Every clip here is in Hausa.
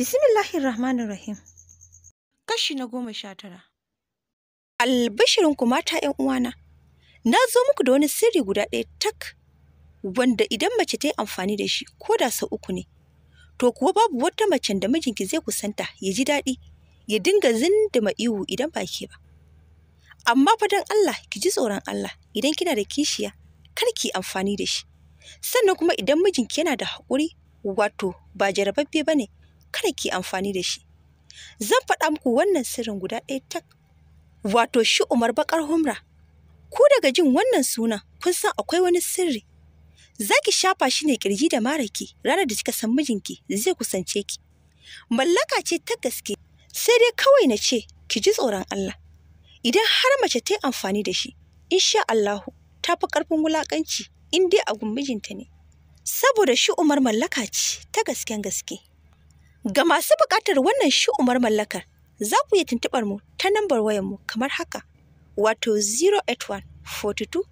Bismillahir Rahmanir Rahim. Kashi na goma sha tara. Albashirin ku mata ‘yan uwana, na zo muku da wani sirri guda ɗaya tak, wanda idan mace ta yi amfani da shi ko da sau uku ne, to kuwa babu wata macen da mijinki zai kusanta ya ji daɗi ya dinga zindima ihu idan ba ke ba. Amma fadan Allah ki ji tsoron Allah idan kina da kishiya kar ki amfani da shi. Sannan kuma idan mijinki yana da haƙuri wato ba jarababbe ba ne kada ki amfani da shi zan faɗa muku wannan sirrin guda ɗaya tak wato shi umar bakar humra ku daga jin wannan sunan kun san akwai wani sirri za ki shafa shi ne kirji da maraki ranar da kika san mijinki zai kusance ki mallaka ce ta gaske sai dai kawai na ce ki ji tsoron Allah idan har mace ta yi amfani da shi insha Allahu ta fi ƙarfin wulaƙanci in dai a mijinta ne saboda shi umar mallaka ce ta gasken gaske Ga masu buƙatar wannan shi umar mallakar, za ku iya tuntuɓar mu ta nambar wayanmu kamar haka, wato 081 42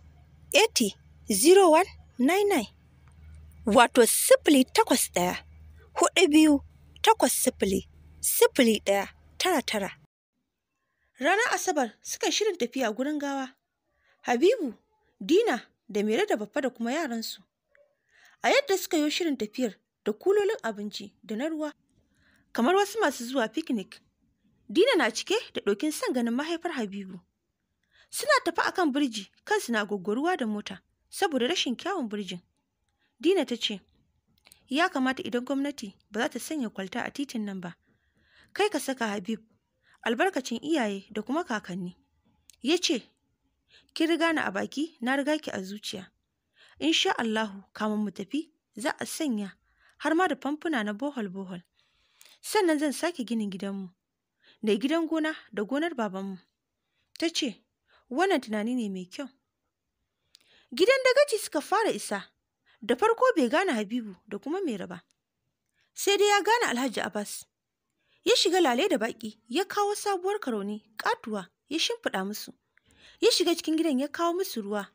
80 0199 wato sifili takwas ɗaya huɗu biyu takwas sifili sifili ɗaya tara tara. Ranar Asabar suka shirin tafiya gurin gawa, Habibu, Dina da Mere da Baffa da kuma yaransu. A yadda suka yi shirin tafiyar da kulolin abinci da na ruwa kamar wasu masu zuwa picnic. Dina na cike da ɗokin son ganin mahaifar Habibu. Suna tafi a kan birji kansu na gogoruwa da mota saboda rashin kyawun birjin. Dina ta ce, Ya kamata idan gwamnati ba za ta sanya kwalta a titin nan ba. Kai ka saka Habib, albarkacin iyaye da kuma kakanni. Ya ce, Ki riga ni a baki, na riga ki a zuciya. In sha Allahu, kamun mu tafi, za a sanya har ma da famfuna na bohol-bohol. sannan zan sake ginin gidanmu da gidan gona da gonar babanmu ta ce wannan tunani ne mai kyau gidan dagaci suka fara isa da farko bai gane habibu da kuma mai raba sai dai ya gane alhaji abbas ya shiga lale da baƙi ya kawo sabuwar karoni ƙatuwa ya shimfiɗa musu ya shiga cikin gidan ya kawo musu ruwa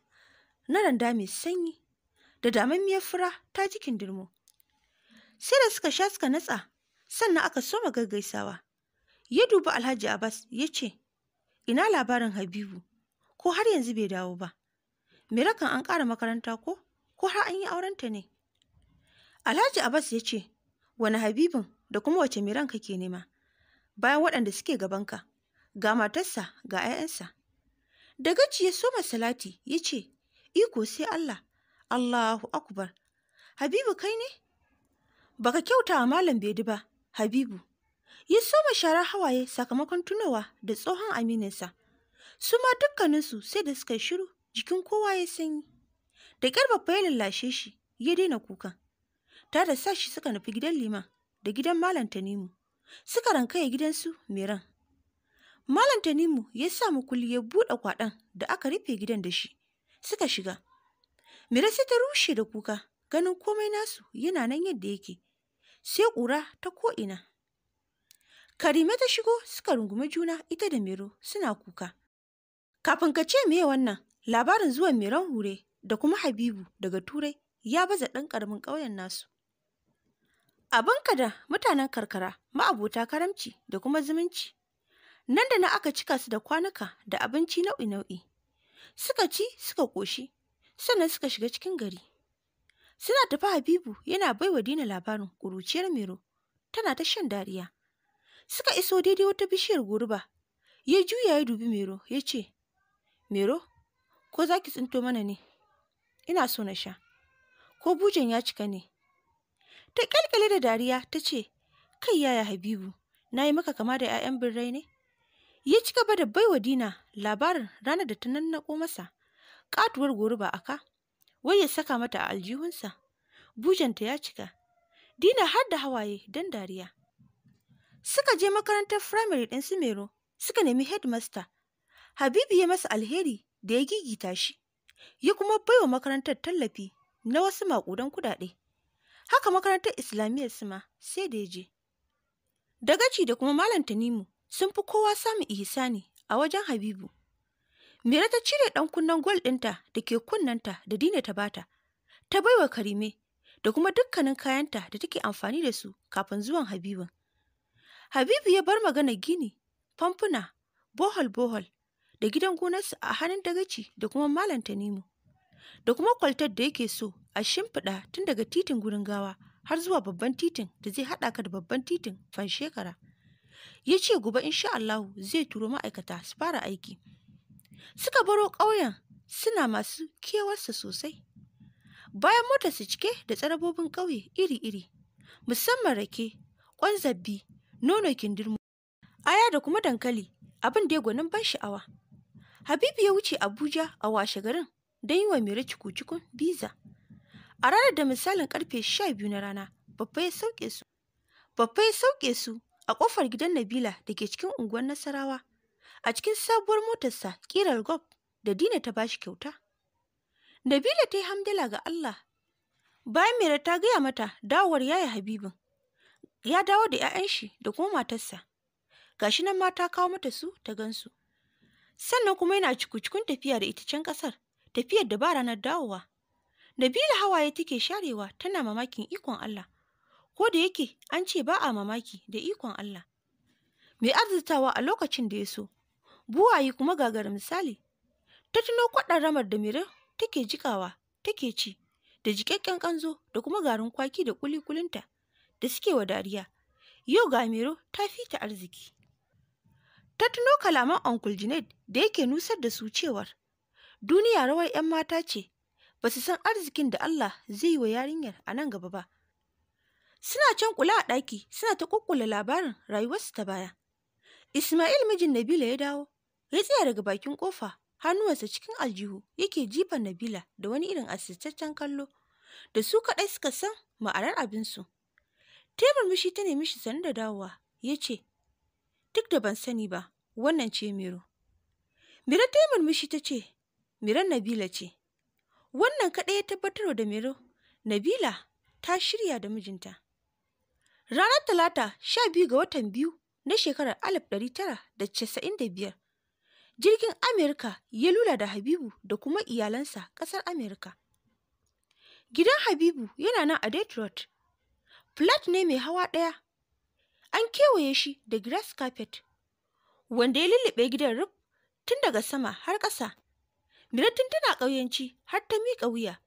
na randa mai sanyi da damammiyar fura ta jikin dirmo sai da suka sha suka natsa sannan aka soma gaggaisawa ya duba alhaji abbas ya ce ina labarin habibu ko har yanzu bai dawo ba mirakan an ƙara makaranta ko ko har an yi aurenta ne alhaji abbas ya ce wani habibin da kuma wace miran kake nema bayan waɗanda suke gabanka ga matarsa ga 'ya'yansa da gaci ya soma salati ya ce iko sai allah allahu akbar habibu kai ne baka kyauta wa malam bedi ba Habibu. Ya soma sharar hawaye sakamakon tunawa da tsohon amininsa. Su ma dukkaninsu sai da suka shiru jikin kowa ya sanyi. Da ƙyar babba ya lallashe shi ya daina kuka. Ta da sa shi suka nufi gidan liman da gidan Malam Tanimu. Suka rankaya gidansu mai Malam Tanimu ya sa mukulli ya buɗe kwaɗan da aka rufe gidan da shi. Suka shiga. Mira sai ta rushe da kuka ganin komai nasu yana nan yadda yake. sai ƙura ta ko'ina. Karime ta shigo suka rungumi juna ita da Mero suna kuka. Kafin ka ce me wannan, labarin zuwan Meron Hure da kuma Habibu daga Turai ya baza ɗan ƙaramin ƙauyen nasu. Abinka da mutanen karkara ma'abota karamci da kuma zumunci. Nan da na aka cika su da kwanuka da abinci nau'i-nau'i. Suka ci suka ƙoshi, sannan suka shiga cikin gari. Suna tafa Habibu yana baiwa Dina labarin ƙuruciyar Mero, tana ta shan dariya. Suka iso daidai wata bishiyar goruba, ya juya ya dubi Mero ya ce, Mero, ko za ki tsinto mana ne? Ina so na sha, ko bujen ya cika ne? Ta ƙyalƙyale da dariya ta ce, Kai yaya Habibu, na yi maka kama da 'ya'yan birrai ne? Ya ci gaba da baiwa Dina labarin ranar da ta nannako masa, ƙatuwar goruba a ka? wai ya saka mata a aljihunsa bujanta ya cika dina har da hawaye don dariya suka je makarantar firamare ɗin su mero suka nemi headmaster habibu ya masa alheri da ya gigita shi ya kuma baiwa makarantar tallafi na wasu maƙudan kuɗaɗe haka makarantar islamiyyar su ma sai da ya je dagaci da kuma malam tanimu sun fi kowa samun ihsani a wajen habibu Mera ta cire ɗan kunnen gwal ɗinta da ke kunnenta da dina ta bata, ta baiwa Karime da kuma dukkanin kayanta da take amfani da su kafin zuwan Habibu. Habibu ya bar magana gini, famfuna, bohol-bohol da gidan gonarsa a hannun dagaci da kuma Malam Tanimu, da kuma kwaltar da yake so a shimfiɗa tun daga titin gurin gawa har zuwa babban titin da zai haɗa ka da babban titin fan shekara. Ya ce gobe insha Allahu zai turo ma'aikata su fara aiki. suka baro ƙauyen suna masu kewarsa sosai. Bayan mota su cike da tsarabobin ƙauye iri-iri, musamman rake, ƙwan zabbi, nono kindirmo, aya da kuma dankali abin da ya gwanin ban sha'awa. Habibu ya wuce Abuja a washe garin don yi wa Mira ciku biza. A ranar da misalin karfe sha biyu na rana, babba ya sauke su. Babba ya sauke su a ƙofar gidan Nabila da ke cikin unguwar Nasarawa a cikin sabuwar motarsa ƙirar gob da dina ta bashi kyauta nabila ta yi hamdala ga allah bayan mera ta gaya mata dawowar yaya habibin ya dawo da 'ya'yan shi da kuma matarsa gashi nan mata kawo mata su ta gansu sannan kuma yana cikin tafiya da ita can ƙasar tafiyar da ba ranar dawowa nabila hawaye take sharewa tana mamakin ikon allah ko da yake an ce ba a mamaki da ikon allah mai arzitawa a lokacin da ya so buwaye kuma gagara misali ta tuno kwaɗan ramar da mire take jikawa take ci da jikakken kanzo da kuma garin kwaki da kulikulinta da suke wa dariya yau ga miro ta fi ta arziki ta tuno kalaman uncle Junaid da yake nusar da su cewar duniya rawar 'yan mata ce ba su san arzikin da Allah zai yi wa yarinyar a nan gaba ba suna can kula a ɗaki suna ta kukkula labarin rayuwarsu ta baya Ismail mijin Nabila ya dawo ya tsaya daga bakin kofa hannuwansa cikin aljihu yake jifan Nabila da wani irin asistaccen kallo da su kaɗai suka san ma'anar abinsu. Tebur mishi ta nemi shi sanu da dawowa ya ce, Duk da ban sani ba, wannan ce Miro. Miro ta murmushi ta ce, miran Nabila ce. Wannan kaɗai ya tabbatar da Miro, Nabila ta shirya da mijinta. Ranar Talata, sha biyu ga watan biyu na shekarar alif ɗari tara da casa'in da biyar, jirgin Amerika ya lula da Habibu da kuma iyalansa ƙasar Amerika. Gidan Habibu yana nan a Detroit. Flat ne mai hawa ɗaya. An kewaye shi da grass carpet, wanda ya lullube gidan rub tun daga sama har ƙasa. Mirattun tana ƙauyenci har ta miƙa wuya.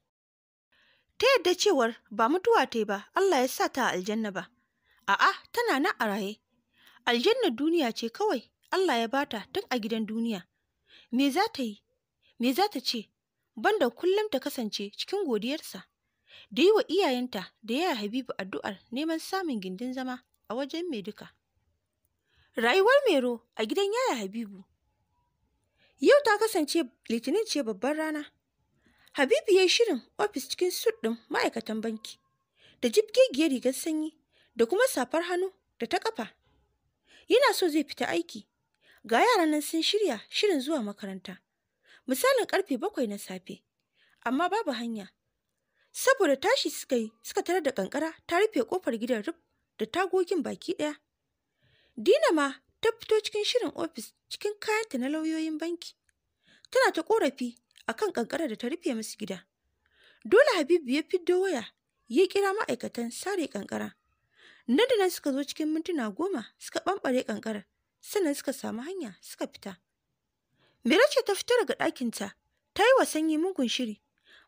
Ta yadda cewar ba mutuwa ta ba, Allah ya sa ta aljanna ba. A'a, tana nan a raye. Aljannar duniya ce kawai. Allah ya bata tun a gidan duniya. Me za ta yi? Me za ta ce? Banda kullum ta kasance cikin godiyarsa. Da yi wa iyayenta da yaya Habibu addu'ar neman samun gindin zama a wajen mai duka. Rayuwar Mero a gidan yaya Habibu. Yau ta kasance Litinin ce babban rana. Habibu ya yi shirin ofis cikin sut ɗin ma'aikatan banki da jibgegiyar rigar sanyi da kuma safar hannu da ta ƙafa. Yana so zai fita aiki ga yaran nan sun shirya shirin zuwa makaranta misalin karfe bakwai na safe amma babu hanya saboda tashi suka yi suka tare da kankara ta rufe kofar gidan rub da tagogin baki daya dina ma ta fito cikin shirin ofis cikin kayanta na lauyoyin banki tana ta korafi akan kankara da ta rufe musu gida dole habibu ya fi waya ya kira ma'aikatan sare kankara nan da nan suka zo cikin mintuna goma suka bambare kankarar sannan suka samu hanya suka fita ce ta fita daga ɗakinta ta yi wa sanyi mugun shiri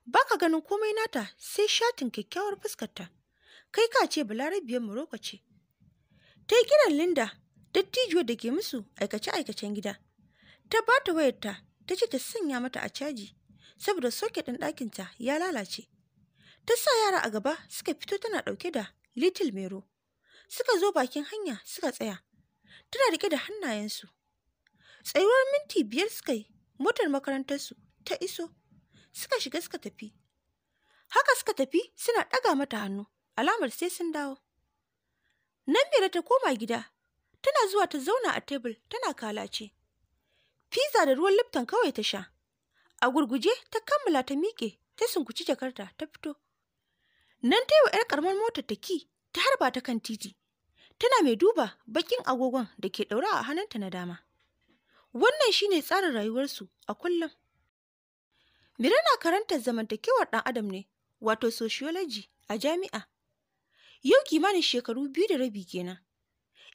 ba ka ganin komai nata sai shatin kyakkyawar fuskarta kai ka ce balarabiyar Morocco ce ta yi kiran Linda dattijuwar da ke musu aikace-aikacen gida ta ba ta wayarta ta ce ta sanya mata a caji saboda soket ɗin ɗakinta ya lalace ta sa yara a gaba suka fito tana ɗauke da little mero suka zo bakin hanya suka tsaya tana rike da hannayensu tsayuwar minti biyar suka yi motar makarantarsu ta iso suka shiga suka tafi haka suka tafi suna ɗaga mata hannu alamar sai sun dawo nan mira ta koma gida tana zuwa ta zauna a tebul tana kalace fiza da ruwan lipton kawai ta sha a gurguje ta kammala ta miƙe ta sunkuci jakarta ta fito nan ta yi wa 'yar ƙaramar motar ta ki ta harba ta kan titi tana mai duba bakin agogon da ke ɗaura a hannunta na dama wannan shine tsarin rayuwarsu a kullum mira na karantar zamantakewar ɗan adam ne wato sociology a jami'a yau kimanin shekaru biyu da rabi kenan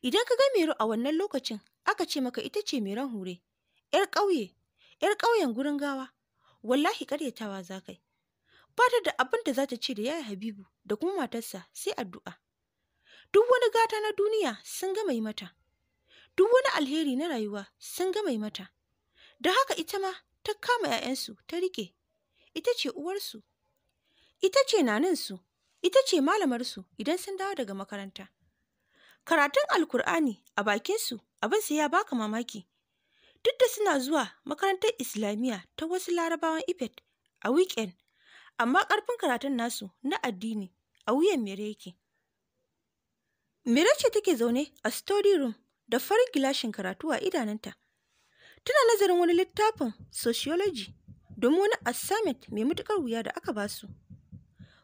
idan ka ga meru a wannan lokacin aka ce maka ita ce meran hure yar ƙauye yar ƙauyen gurin gawa wallahi ƙaryatawa za kai ba ta da abin da za ta ce da yaya habibu da kuma matarsa sai addu'a duk wani gata na duniya sun gama yi mata duk wani alheri na rayuwa sun gama yi mata da haka ita ma ta kama 'ya'yansu ta rike ita ce uwarsu ita ce naninsu ita ce malamarsu idan sun dawo daga makaranta karatun alkur'ani a bakinsu abin sai ya baka mamaki duk da suna zuwa makarantar islamiyya ta wasu larabawan ifet a weekend amma ƙarfin karatun nasu na addini a wuyan mere yake Mira ce take zaune a story room da farin gilashin karatu a idanunta. Tana nazarin wani littafin sociology domin wani assignment mai matuƙar wuya da aka ba su.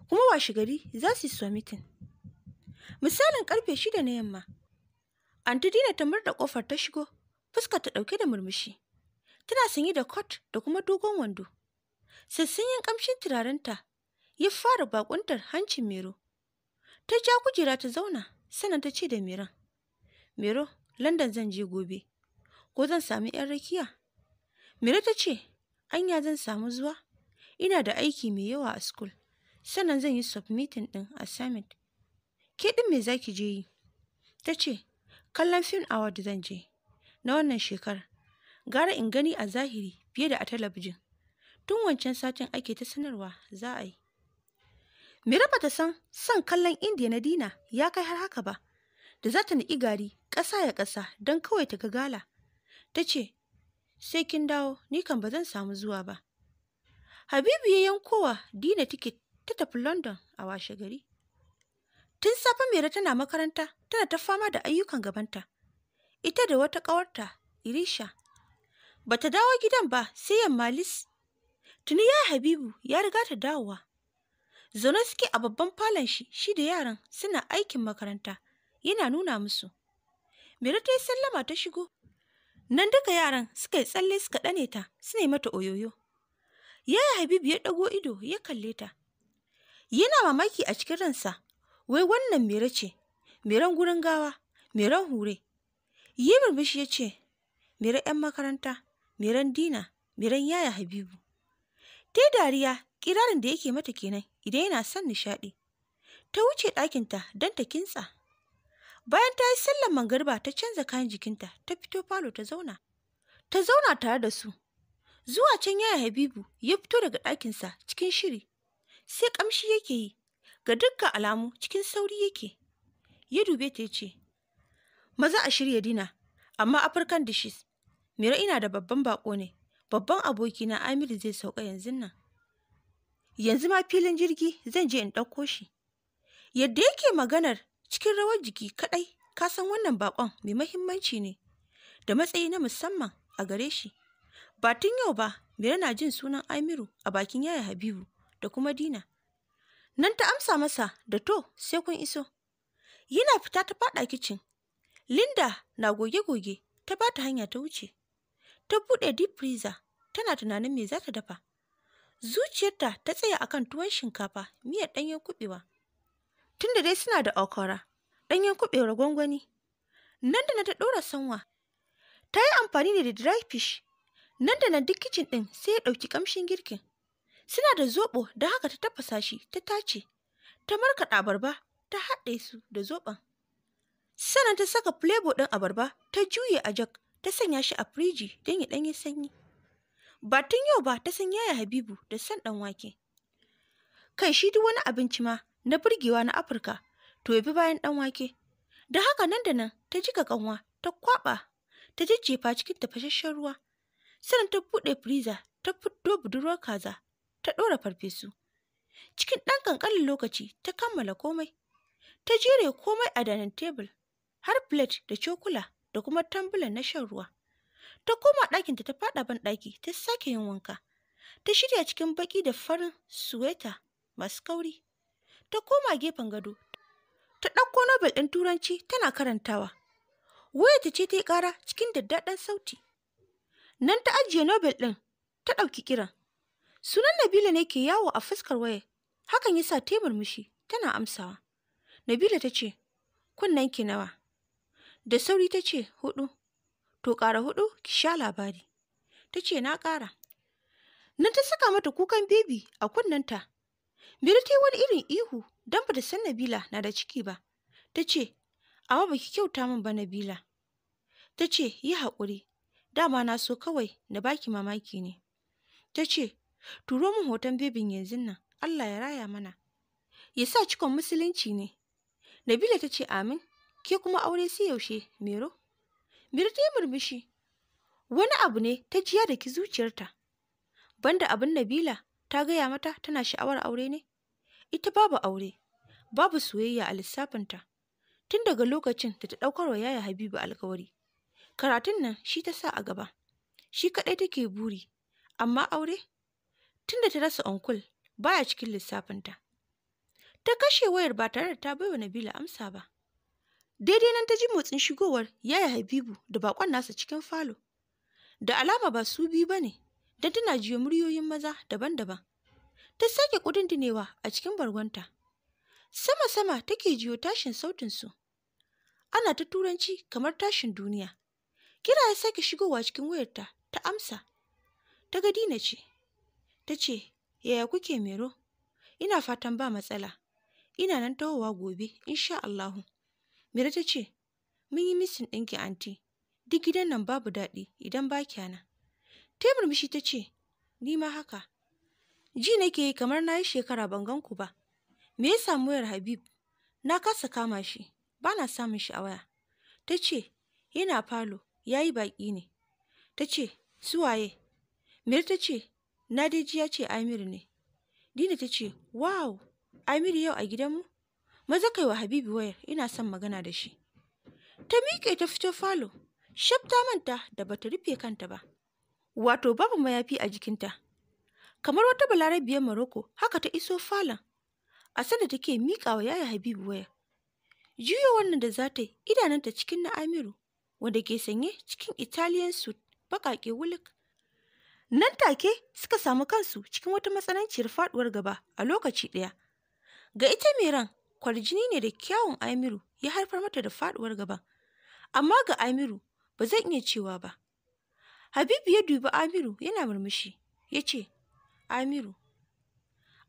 Kuma washe gari za su yi submitting. Misalin karfe shida na yamma, Anti Dina ta murda kofar ta shigo, fuska ta ɗauke da murmushi. Tana sanye da kot da kuma dogon wando. Sassanyen kamshin turarenta ya fara bakuntar hancin Mero. Ta ja kujera ta zauna. sannan ta ce da Miran, Mero, London zan je gobe, ko zan sami ‘yan rakiya? Mero ta ce, anya zan samu zuwa? Ina da aiki mai yawa a school, sannan zan yi submitting ɗin assignment. Ke ɗin me zaki je yi? Ta ce, kallon film award zan je, na wannan shekarar. Gara in gani a zahiri fiye da a talabijin. Tun wancan satin ake ta sanarwa za a yi. Mira ba ta san son kallon indiya na dina ya kai har haka ba, da za ta niƙi gari ƙasa ya ƙasa don kawai ta ga gala. Ta ce, sai kin dawo, ni kan ba zan samu zuwa ba. Habibu ya yankowa dina tiket ta tafi London a washe gari. Tun safe Mira tana makaranta tana ta fama da ayyukan gabanta. Ita da wata ƙawarta, Irisha. Ba ta dawo gidan ba sai yamma Lis. Tuni ya Habibu ya riga ta dawowa. Zaune suke a babban falon shi, shi da yaran suna aikin makaranta, yana nuna musu. Mira ta yi sallama ta shigo. Nan duka yaran suka yi tsalle suka ɗane ta, suna mata oyoyo. Yaya Habibu ya ɗago ido ya kalle ta. Yana mamaki a cikin ransa, wai wannan Mira ce, Miran gurin gawa, Miran hure. Yi murmushi ya ce, Mira 'yan makaranta, Miran Dina, Miran Yaya Habibu. Ta dariya Kirarin da yake mata kenan idan yana son nishaɗi. Ta wuce ɗakinta don ta kintsa. Bayan ta yi sallar mangariba ta canza kayan jikinta ta fito falo ta zauna. Ta zauna tare da su. Zuwa can yaya Habibu ya fito daga ɗakinsa cikin shiri. Sai ƙamshi yake yi, ga dukka alamu cikin sauri yake. Ya dube ta ya ce, Maza a shirya dina, amma African dishes. Mira ina da babban bako ne, babban abokina Amiru zai sauka yanzu nan. yanzu ma filin jirgi zan je in ɗauko shi. Yadda yake maganar cikin rawar jiki kaɗai ka san wannan baƙon mai mahimmanci ne da matsayi na musamman a gare shi. Ba tun yau ba, Mira na jin sunan Amiru a bakin yaya Habibu da kuma Dina. Nan ta amsa masa da to sai kun iso. Yana fita ta faɗa kicin. Linda na goge-goge ta bata hanya ta wuce. Ta buɗe deep freezer tana tunanin me za ta dafa. Zuciyarta ta tsaya akan tuwon shinkafa, miyar ɗanyen kuɓewa. Tunda dai suna da okora, ɗanyen kuɓewar gwangwani. Nan da na ta ɗora sanwa. Ta yi amfani da dry fish. Nan da nan duk kicin ɗin sai ya ɗauki ƙamshin girkin. Suna da zoɓo da haka ta tafasa shi ta tace. Ta markaɗa abarba ta haɗe su da zoɓon. Sannan ta saka flavor ɗin abarba ta juye a jak ta sanya shi a firiji don ya ɗanyi sanyi. ba tun yau ba ta san yaya habibu da san ɗan wake kai shi duk wani abinci ma na burgewa na afirka to ya bi bayan ɗan wake da haka nan da nan ta jika kanwa ta kwaɓa ta jajjefa cikin tafasasshen ruwa sannan ta buɗe firiza ta fito budurwar kaza ta ɗora farfesu cikin ɗan ƙanƙanin lokaci ta kammala komai ta jere komai a dining tebul har plate da cokula da kuma tambulan na shan ruwa ta koma ɗakinta ta faɗa ban ɗaki ta sake yin wanka ta shirya cikin baƙi da farin suweta masu kauri ta koma gefen gado ta ɗauko nobel ɗin turanci tana karantawa wayarta ce ta yi ƙara cikin daddaɗan sauti nan ta ajiye nobel ɗin ta ɗauki kiran sunan nabila ne ke yawo a fuskar wayar hakan ya sa ta murmushi tana amsawa nabila ta ce kunnen ki nawa da sauri ta ce hudu To ƙara hudu ki sha labari. Ta ce na ƙara. Nan ta saka mata kukan bebi a kunnenta. Biri ta yi wani irin ihu don ba ta san Nabila na da ciki ba. Ta ce, amma ba ki kyauta min ba Nabila. Ta ce, yi haƙuri, dama na so kawai na baki mamaki ne. Ta ce, turo min hoton bebin yanzu nan, Allah ya raya mana. Ya sa cikon musulunci ne. Nabila ta ce, amin, ke kuma aure sai yaushe, Mero? Mirji murmushi, wani abu ne ta jiya da ki zuciyarta. Banda abin Nabila ta gaya mata tana sha'awar aure ne? Ita babu aure, babu soyayya a lissafinta. Tun daga lokacin da ta ɗaukar wa yaya Habibu alkawari. Karatun nan shi ta sa a gaba, shi kaɗai take buri, amma aure? Tun da ta rasa onkul baya cikin lissafinta. Ta kashe wayar ba tare da ta baiwa Nabila amsa ba. Daidai nan ta ji motsin shigowar yaya Habibu da bakon nasa cikin falo. Da alama ba su biyu ba ne, don tana jiyo muryoyin maza daban-daban. Ta sake ƙudindinewa a cikin bargonta. Sama-sama take jiyo tashin sautin su Ana ta turanci kamar tashin duniya. Kira ya sake shigowa cikin wayarta ta amsa. Ta ga Dina ce. Ta ce, yaya kuke mero? Ina fatan ba matsala. Ina nan tahowa gobe, insha Allahu. Mira ta ce, Mun yi misin ɗinki anti, duk gidan nan babu daɗi idan ba kyana. Ta murmushi ta ce, Ni ma haka. Ji nake yi kamar na yi shekara ban gan ku ba. Me ya samu wayar Habib? Na kasa kama shi, ba na samun shi a waya. Ta ce, Yana falo, ya yi baƙi ne. Ta ce, Suwaye. Mira ta ce, Nadeji ya ce Amiru ne. Dina ta ce, Wow, Amiru yau a gidanmu? maza kai wa Habibu wayar ina son magana da shi. Ta miƙe ta fito falo, shaf ta manta da bata rufe kanta ba. Wato babu mayafi a jikinta. Kamar wata balarabiyar Maroko haka ta iso falon. A sanda take miƙa wa yaya Habibu waya. Juyo wannan da zata yi idananta cikin na Amiru wanda ke sanye cikin Italian suit baƙaƙe wulik. Nan take suka samu kansu cikin wata matsananciyar faɗuwar gaba a lokaci ɗaya. Ga ita mai ran kwarjini ne da kyawun Amiru ya haifar mata da faduwar gaban. Amma ga Amiru ba zan iya cewa ba. Habibu ya dubi Amiru yana murmushi ya ce, Amiru,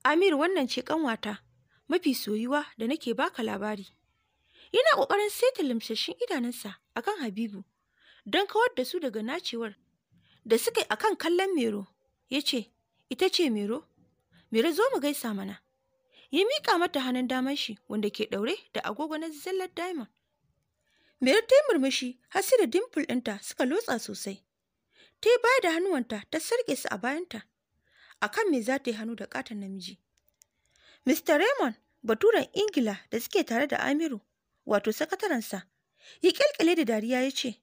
Amiru wannan ce kanwata mafi soyuwa da nake baka labari. Yana ƙoƙarin saita limsashin idanunsa akan Habibu don kawar da su daga nacewar da suka yi akan kallon Mero ya ce, Ita ce Mero, Mero zo mu gaisa mana. ya miƙa mata hannun damar shi wanda ke ɗaure da agogo na zallar diamond. Mary ta yi murmushi har sai da dimple ɗinta suka lotsa sosai. Ta yi baya da hannuwanta ta sarƙe su a bayanta. A kan me za ta yi hannu da ƙaton namiji? Mr. Raymond, baturen Ingila da suke tare da Amiru, wato sakatarensa, ya ƙyalƙyale da dariya ya ce,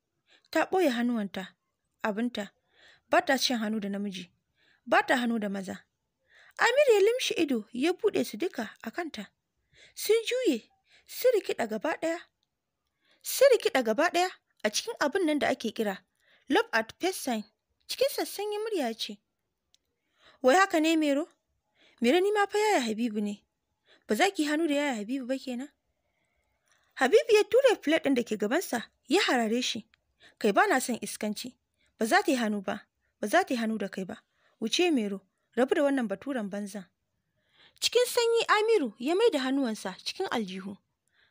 ta ɓoye hannuwanta, abinta, ba ta shan hannu da namiji, ba ta hannu da maza, Amir ya limshi ido ya bude su duka a kanta. Sun juye, sun rikida gaba ɗaya. Sun rikida gaba ɗaya a cikin abin nan da ake kira Love at First Sign cikin sassan ya murya ce. Wai haka ne Mero? Mero ni ma fa yaya Habibu ne. Ba za ki hannu da yaya Habibu ba kenan? Habibu ya ture filet ɗin da ke gabansa ya harare shi. Kai ba na son iskanci. Ba za ta yi hannu ba. Ba za ta yi hannu da kai ba. Wuce Mero. rabu da wannan baturen banza. cikin sanyi amiru ya mai da hannuwansa cikin aljihu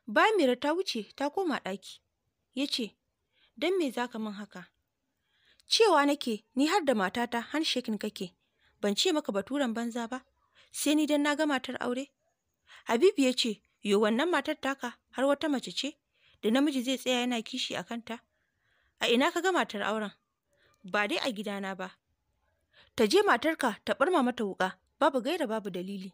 bamira ta wuce ta koma ɗaki ya ce don me za ka min haka cewa nake ni har da matata shekin kake ban ce maka baturen banza ba sai ni don na ga matar aure habibu ya ce yo wannan matar taka har wata mace ce da namiji zai tsaya yana kishi a kanta a ina ka ga matar auren ba dai a gidana ba ta je matarka ta ɓarma mata wuƙa babu gaira babu dalili.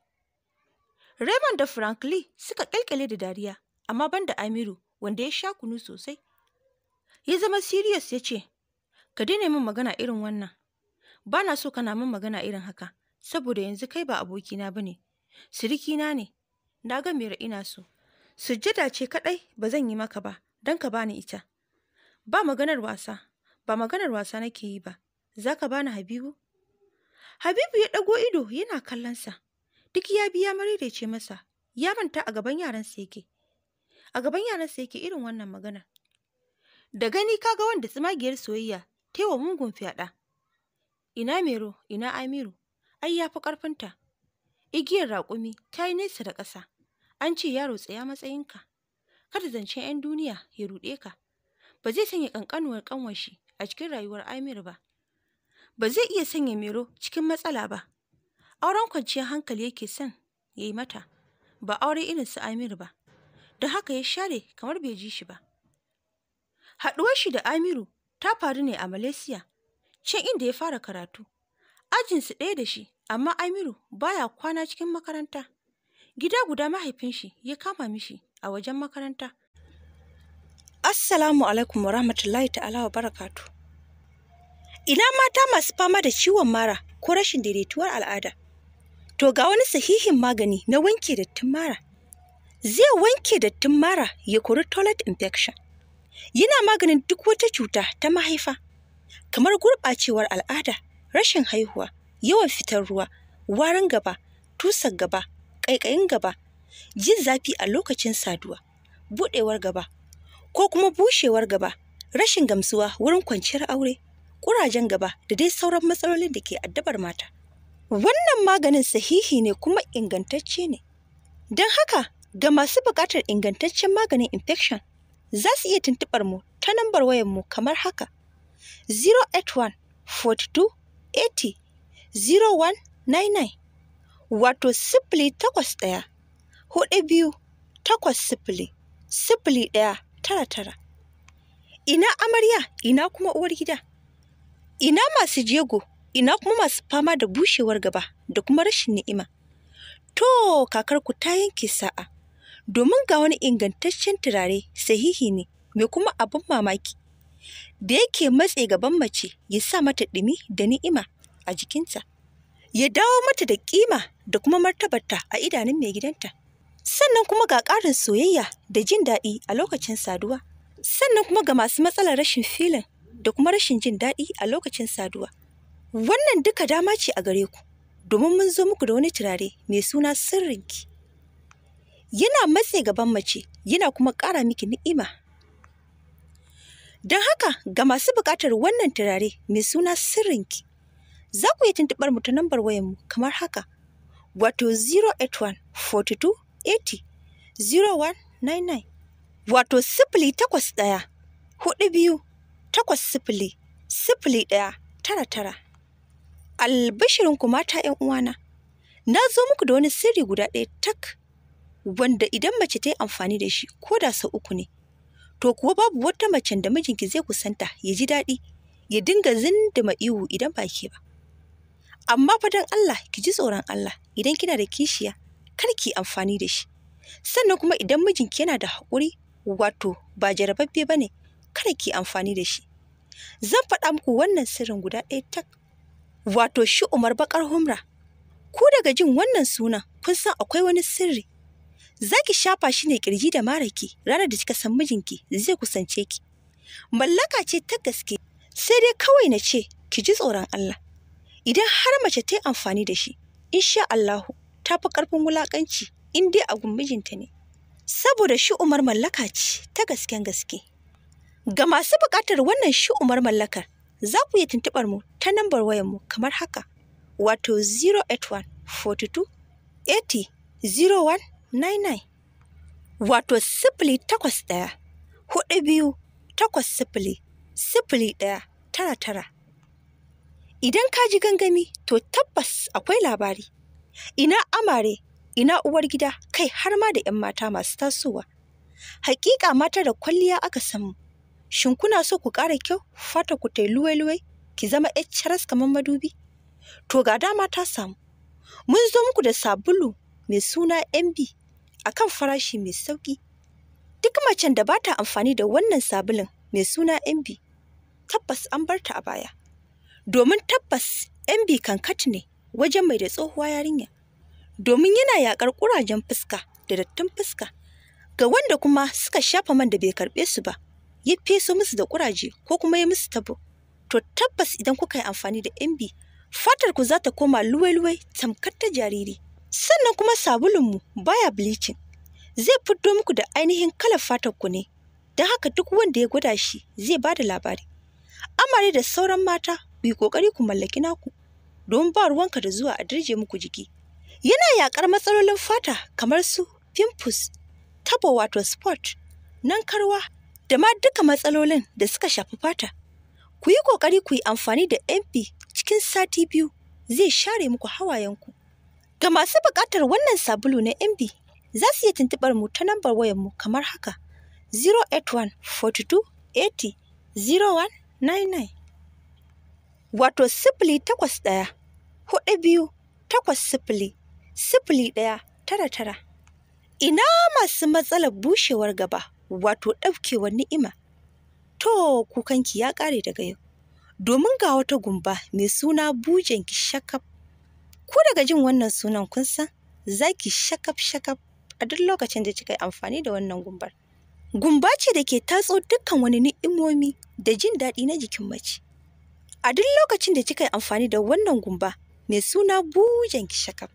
Raymond da Frankly suka kelkele da dariya, amma ban da Amiru wanda ya sha kunu sosai. Ya zama Sirius ya ce, Ka daina min magana irin wannan, ba na so kana min magana irin haka, saboda yanzu kai ba abokina ba ne, sirikina ne, na ga mera ina so. Sujjada ce kaɗai ba zan yi maka ba, don ka bani ita. Ba maganar wasa, ba maganar wasa nake yi ba, za ka bani Habibu? Habibu ya ɗago ido yana kallonsa. Duk ya biya maridaice masa, ya manta a gaban yaransa yake. A gaban yaransa yake irin wannan magana. Da gani kaga wanda giyar soyayya ta wa mungun fyaɗa. Ina Mero, ina Amiru, ai ya fi ƙarfinta. Igiyar raƙumi ta yi nesa da ƙasa. An ce yaro tsaya matsayinka. Kada zancen 'yan duniya ya ruɗe ka. Ba zai sanya ƙanƙanuwar ƙanwashi a cikin rayuwar Amiru ba. ba zai iya sanya Mero cikin matsala ba. Auren kwanciyar hankali yake son ya yi mata, ba aure irin su Amiru ba, da haka ya share kamar bai ji shi ba. Haɗuwar shi da Amiru ta faru ne a Malaysia, can inda ya fara karatu. Ajinsu ɗaya da shi, amma Amiru baya kwana cikin makaranta. Gida guda mahaifin shi ya kama mishi a wajen makaranta. Assalamu alaikum wa rahmatullahi ta'ala wa barakatu. Ina mata masu fama da ciwon mara ko rashin daidaituwar al'ada? To ga wani sahihin magani na wanke dattin mara. Zai wanke dattin mara ya kori toilet infection. Yana maganin duk wata cuta ta mahaifa, kamar gurɓacewar al'ada, rashin haihuwa, yawan fitar ruwa, warin gaba, tusar gaba, ƙaiƙayin gaba, jin zafi a lokacin saduwa, buɗewar gaba, ko kuma bushewar gaba, rashin gamsuwa wurin kwanciyar aure. ƙurajen gaba da dai sauran matsalolin da ke addabar mata. Wannan maganin sahihi ne kuma ingantacce ne. Don haka ga masu buƙatar ingantaccen maganin infection za su iya tuntuɓar mu ta nambar wayar mu kamar haka 081 42 80 0199 wato sifili takwas ɗaya huɗu biyu takwas sifili ɗaya tara tara ina amarya ina kuma uwar gida ina masu jego ina kuma masu fama da bushewar gaba da kuma rashin ni'ima to kakarku ta yanke sa'a domin ga wani ingantaccen turare sahihi ne mai kuma abin mamaki da yake matse gaban mace ya sa mata ɗumi da ni'ima a jikinta ya dawo mata da ƙima da kuma martabarta a idanun mai gidanta sannan kuma ga ƙarin soyayya da jin daɗi a lokacin saduwa sannan kuma ga masu matsalar rashin filin da kuma rashin jin daɗi a lokacin saduwa. Wannan duka dama ce a gare ku, domin mun zo muku da wani turare mai suna sirrinki. Yana matse gaban mace, yana kuma ƙara miki ni'ima. Don haka ga masu buƙatar wannan turare mai suna sirrinki, za ku yi tuntuɓar mu ta nambar wayanmu kamar haka, wato 081 42 80 0199 wato sifili takwas ɗaya hudu biyu takwas sifili sifili ɗaya tara tara. Albashirinku mata ‘yan uwana, na zo muku da wani sirri guda ɗaya tak wanda idan mace ta yi amfani da shi ko da sau uku ne, to kuwa babu wata macen da mijinki zai kusanta ya ji daɗi ya dinga zinduma ihu idan ba ke ba. Amma fadan Allah ki ji tsoron Allah idan kina da kishiya kar ki amfani da shi. Sannan kuma idan mijinki yana da haƙuri wato ba jarababbe ba ne, kada ki amfani da shi zan faɗa muku wannan sirrin guda ɗaya tak wato shi umar bakar humra ku daga jin wannan sunan kun san akwai wani sirri za ki shafa shi ne kirji da maraki ranar da kika san mijinki zai kusance ki mallaka ce ta gaske sai dai kawai na ce ki ji tsoron Allah idan har mace ta yi amfani da shi insha Allahu ta fi ƙarfin wulaƙanci in dai a mijinta ne saboda shi umar mallaka ce ta gasken gaske Ga masu buƙatar wannan shi umar mallakar, za ku iya tuntuɓar mu ta nambar wayarmu kamar haka, wato 081 42 80 0199 wato sifili takwas ɗaya hudu biyu takwas sifili sifili ɗaya tara tara idan ka ji gangami to tabbas akwai labari ina amare ina uwar gida kai har ma da 'yan mata masu tasowa hakika mata da kwalliya aka samu Shin kuna so ku ƙara kyau, fata ku yi luwai-luwai, ki zama HRS kamar madubi? To ga dama ta samu. Mun zo muku da sabulu mai suna MB a kan farashi mai sauƙi. Duk macen da ba ta amfani da wannan sabulun mai suna MB, tabbas an bar ta a baya. Domin tabbas MB kankat ne wajen mai da tsohuwa yarinya. Domin yana yaƙar ƙurajen fuska da dattin fuska ga wanda kuma suka shafa man da bai karɓe su ba. ya feso musu da kuraje ko kuma ya musu tabo to tabbas idan kuka yi amfani da mb fatar ku za ta koma luwai-luwai tamkar ta jariri sannan kuma sabulunmu baya bleaching zai fito muku da ainihin kalar fatar ku ne don haka duk wanda ya gwada shi zai ba da labari amare da sauran mata ku yi kokari ku mallaki naku don ba ruwanka da zuwa a dirje muku jiki yana yakar matsalolin fata kamar su pimples tabo wato spot nan karwa da ma duka matsalolin da suka shafi fata. Ku yi ƙoƙari ku yi amfani da MP cikin sati biyu zai share muku hawayenku. Ga masu buƙatar wannan sabulu na MP za su iya tuntuɓar mu ta nambar wayarmu kamar haka 081 42 80 0199 wato sifili takwas ɗaya hudu biyu takwas sifili sifili ɗaya tara tara ina masu matsalar bushewar gaba wato wa ni'ima. To kukanki ya ƙare daga yau, domin ga wata gumba mai suna bujen ki shakaf. Ku daga jin wannan sunan kun san za ki shakaf shakaf a duk lokacin da kika yi amfani da wannan gumbar. Gumba ce da ke tatso dukkan wani ni'imomi da jin daɗi na jikin mace. A duk lokacin da kika yi amfani da wannan gumba mai suna bujen ki shakaf.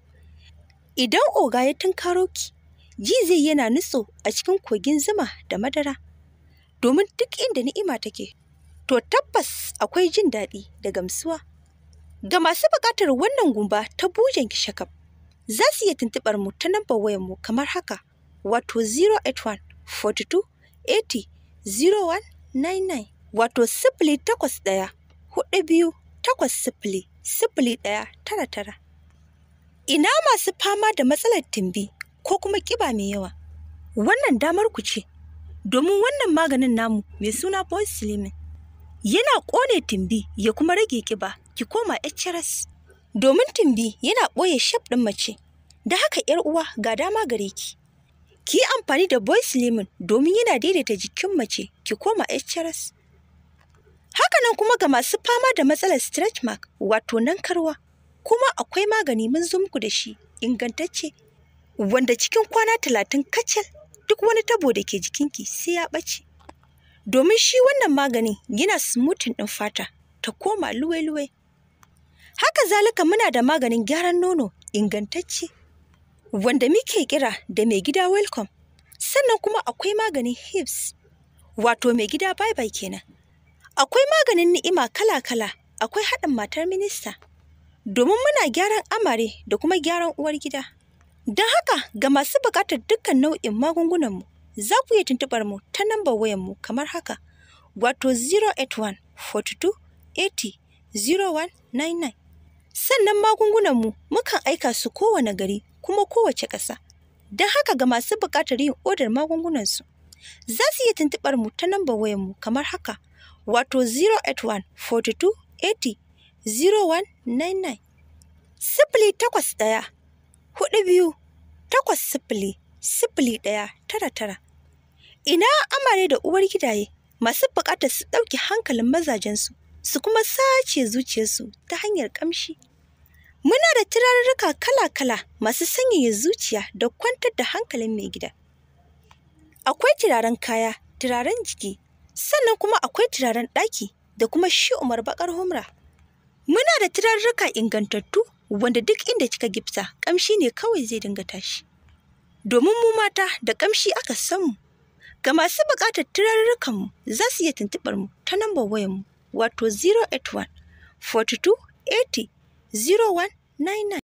Idan oga ya tunkaro ki, Jize yana nutso a cikin kogin zuma da madara. Domin duk inda ni'ima take, to tabbas akwai jin daɗi da gamsuwa. Ga masu buƙatar wannan gumba ta bujen kishakaf, za su iya tuntuɓar mu ta namba wayan mu kamar haka, wato 081 42 80 wato sifili takwas ɗaya Ina masu fama da matsalar timbi ko kuma ƙiba mai yawa wannan damar ku ce domin wannan maganin namu mai suna boysilimin. yana ƙone tumbi ya kuma rage ƙiba ki koma HRS domin tumbi yana ɓoye shaf ɗin mace da haka ‘yar uwa ga dama gare ki ki amfani da boysilimin domin yana daidaita jikin mace ki koma HRS hakanan kuma ga masu fama da matsalar stretch mark wato nan karwa, kuma akwai magani mun zo muku da shi ingantacce wanda cikin kwana talatin kacal duk wani tabo da ke jikinki sai ya ɓace. Domin shi wannan magani yana smoothing ɗin fata ta koma luwe-luwe. Haka zalika muna da maganin gyaran nono ingantacce wanda muke kira da mai gida welcome. Sannan kuma akwai maganin hips wato mai gida bye-bye kenan. Akwai maganin ni'ima kala-kala akwai haɗin matar minista domin muna gyaran amare da kuma gyaran uwar gida. Don haka ga masu buƙatar dukkan nau'in magungunanmu za ku iya tuntuɓar mu ta nambar wayanmu kamar haka wato 081 42 80 0199. Sannan magungunanmu mukan aika su kowane gari kuma kowace ƙasa. Don haka ga masu buƙatar yin odar magungunansu za su iya tuntuɓar mu ta nambar wayanmu kamar haka wato 081 42 80 0199. Sifili takwas ɗaya hudu biyu takwas sifili sifili ɗaya tara tara. Ina amare da uwar gidaye masu buƙatar su ɗauki hankalin mazajensu su kuma sace zuciyarsu ta hanyar ƙamshi. Muna da turarurruka kala-kala masu sanyaya zuciya da kwantar da hankalin mai gida. Akwai turaren kaya, turaren jiki, sannan kuma akwai turaren ɗaki da kuma shi umar baƙar humra. Muna da turarurruka ingantattu wanda duk inda kika gifta kamshi ne kawai zai dinga tashi domin mu mata da kamshi aka san mu ga masu buƙatar turarrukan mu za su iya tuntuɓar mu ta lambar wayar mu wato 081 42 80 0199